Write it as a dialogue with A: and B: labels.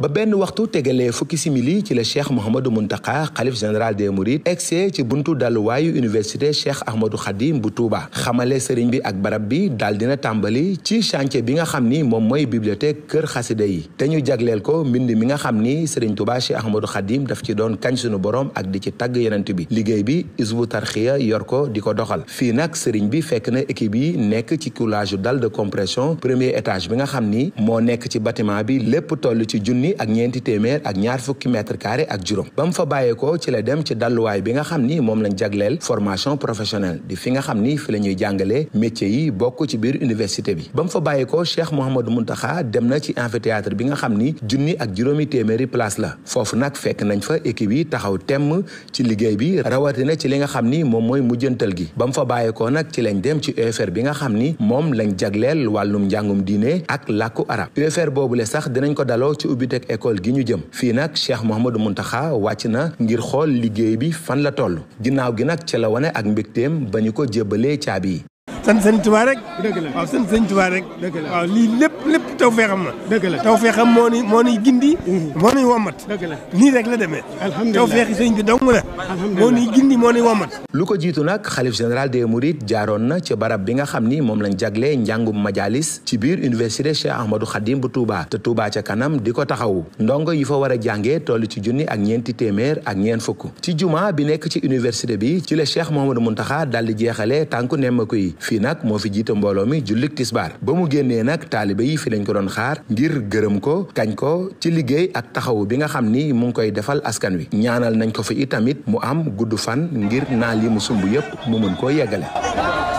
A: ba benn waxtu tegalee fukki simili ci la cheikh Mouhamadou Mountakha xalif général des Mourides exe ci buntu dalluwaayu université cheikh Ahmadou Khadim bu Touba xamale sëriñ bi ak barab bi dal dina tàmbali ci chantier bi nga xam ni moom mooy bibliothèque kër xasida yi te ñu jagleel ko mbind mi nga xam ni sëriñ Touba cheikh Ahmadou Khadim daf ci doon kañ suñu borom ak di ci tagg yonent bi liggéey bi isbu tarxiya yor ko di ko doxal fii nag sëriñ bi fekk na équipe yi nekk ci coulage dal de compression premier étage bi nga xam ni moo nekk ci bâtiment bi lépp toll ci junni junni ak ñeenti téeméer ak ñaar fukki mètre carré ak juróom ba mu fa bàyyeekoo ci la dem ci dalluwaay bi nga xam ni moom lañ jagleel formation professionnelle di fi nga xam ni ñuy jàngalee métier yi bokk ci biir université bi ba mu fa bàyyeekoo Cheikh Mouhamadou Mountakha dem na ci amphithéâtre bi nga xam ni junni ak juróomi téeméeri place la foofu nag fekk nañ fa équipe taxaw temm ci liggéey bi rawatina ci li nga xam ni moom mooy mujjantal gi ba mu fa bàyyeekoo nag ci lañ dem ci UFR bi nga xam ni moom lañ jagleel wàllum njàngum diine ak làkku arab UFR boobu le sax dinañ ko daloo ci ubbi teg école gi ñu jëm fii nag Cheikh Mouhamadou Mountakha wàcc na ngir xool liggéey bi fan la toll ginnaaw gi nag ci la wane ak mbégteem ba ñu ko jébbalee caabi yi sant sëñ Tuubaa rek. dëgg waaw sant sëñ Tuubaa rek. waaw lii lépp lépp tawfeexam la. dëgg la tawfeexam moo ni moo ni gindi. Mhm. moo ni womat. dëgg nii rek la demee. ni gindi moo ni womat. lu ko jiitu nag xalif général des Mourides jaaroon na ci barab bi nga xam ni moom lañ jagle njàngum majalis ci biir université Cheikh Ahmadou Khadim bu Touba te Touba ca kanam di ko taxaw ndongo yi fa war a jàngee toll ci junni ak ñeenti téeméer ak ñeent fukk ci juma bi nekk ci université bi ci la Cheikh Mouhamadou Mountakha dal di jeexale tànku nemmeeku yi fii nag moo fi jiite mbooloo mi jullik tisbaar ba mu génnee nag taalibe yi fi lañ ko doon xaar ngir gërëm ko kañ ko ci liggéey ak taxawu bi nga xam ni mu ngi koy defal askan wi ñaanal nañ ko fi itamit mu am gudd fan ngir naa li mu sumb yépp mu mën koo yeggale